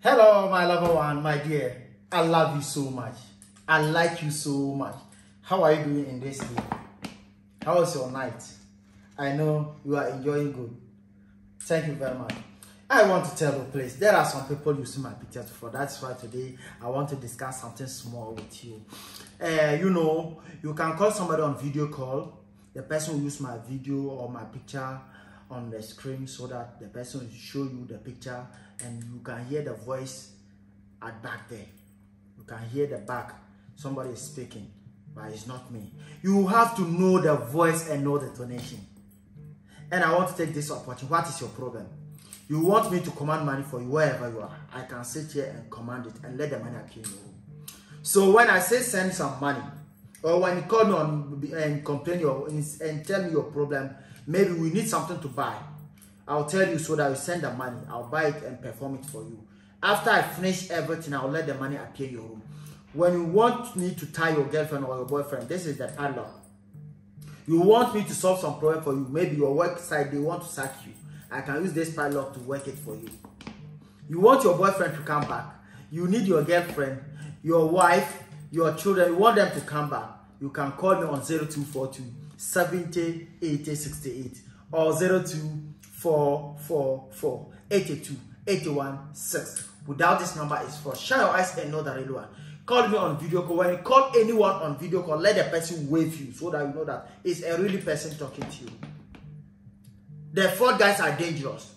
Hello, my lover one, my dear. I love you so much. I like you so much. How are you doing in this day? How was your night? I know you are enjoying good. Thank you very much. I want to tell you, please, there are some people you see my pictures for. That's why today I want to discuss something small with you. Uh, you know, you can call somebody on video call. The person will use my video or my picture on the screen so that the person will show you the picture and you can hear the voice at back there. You can hear the back. Somebody is speaking, but it's not me. You have to know the voice and know the tonation. And I want to take this opportunity. What is your problem? You want me to command money for you wherever you are. I can sit here and command it and let the money accumulate. So when I say send some money, or when you call me on, and complain your, and tell me your problem, Maybe we need something to buy. I'll tell you so that you send the money. I'll buy it and perform it for you. After I finish everything, I'll let the money appear in your room. When you want me to tie your girlfriend or your boyfriend, this is the padlock. You want me to solve some problem for you. Maybe your website, they want to sack you. I can use this padlock to work it for you. You want your boyfriend to come back. You need your girlfriend, your wife, your children. You want them to come back. you can call me on 0242 70 80 68 or 02444 82 81 6. Without this number, is for shine your eyes and know the real one. Call me on video call. When you call anyone on video call, let the person wave you so that you know that it's a really person talking to you. The four guys are dangerous.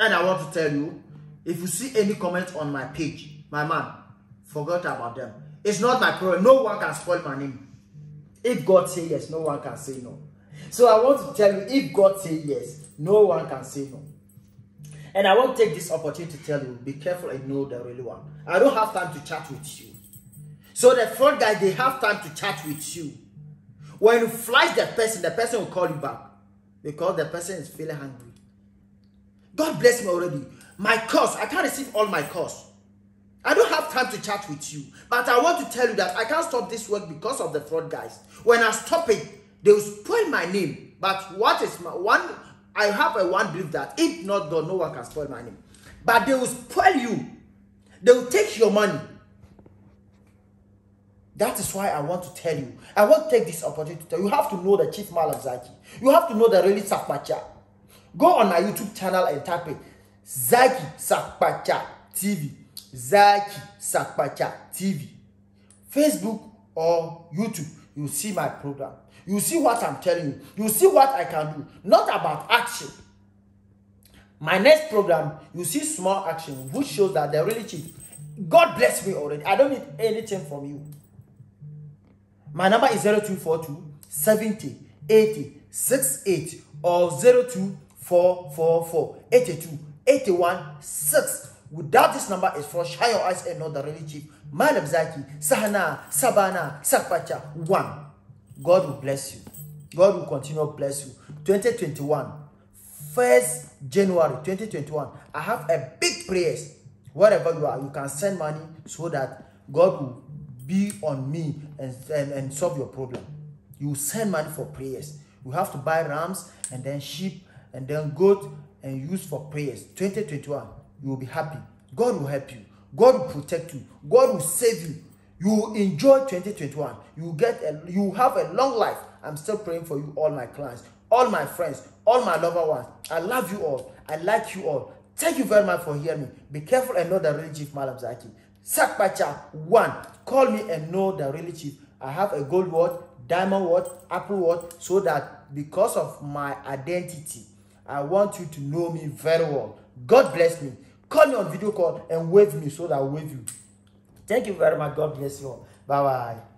And I want to tell you, if you see any comments on my page, my man, forgot about them. It's not my problem. No one can spoil my name. If God say yes, no one can say no. So I want to tell you, if God say yes, no one can say no. And I want to take this opportunity to tell you, be careful and know the real one. I don't have time to chat with you. So the front guy, they have time to chat with you. When you flash the person, the person will call you back. Because the person is feeling hungry. God bless me already. My course, I can't receive all my course. I don't have time to chat with you, but I want to tell you that I can't stop this work because of the fraud guys. When I stop it, they will spoil my name. But what is my one? I have a one belief that if not done, no one can spoil my name. But they will spoil you. They will take your money. That is why I want to tell you. I want to take this opportunity to tell you. You have to know the Chief Malazaki. You have to know the really Sakpacha. Go on my YouTube channel and type it. Zaki Sakpacha TV. Zaki Sakpacha TV, Facebook or YouTube. You see my program. You see what I'm telling you. You see what I can do. Not about action. My next program, you see small action, which shows that they're really cheap. God bless me already. I don't need anything from you. My number is 0242 70 80 68 or 02444 82 81 6. without this number is for shy your eyes and not the really chief Madam Zaki, Sahana, Sabana, Sakpacha, one. God will bless you. God will continue to bless you. 2021, 1st January 2021, I have a big prayers. Wherever you are, you can send money so that God will be on me and, and, and solve your problem. You send money for prayers. You have to buy rams and then sheep and then goat and use for prayers. 2021, you will be happy. God will help you. God will protect you. God will save you. You will enjoy 2021. You will get a, you will have a long life. I'm still praying for you, all my clients, all my friends, all my loved ones. I love you all. I like you all. Thank you very much for hearing me. Be careful and know the real chief, Malam Zaki. Sakpacha one. Call me and know the real chief. I have a gold word, diamond word, apple word, so that because of my identity, I want you to know me very well. God bless me. call me on video call and wave me so that I wave you. Thank you very much. God bless you. Bye bye.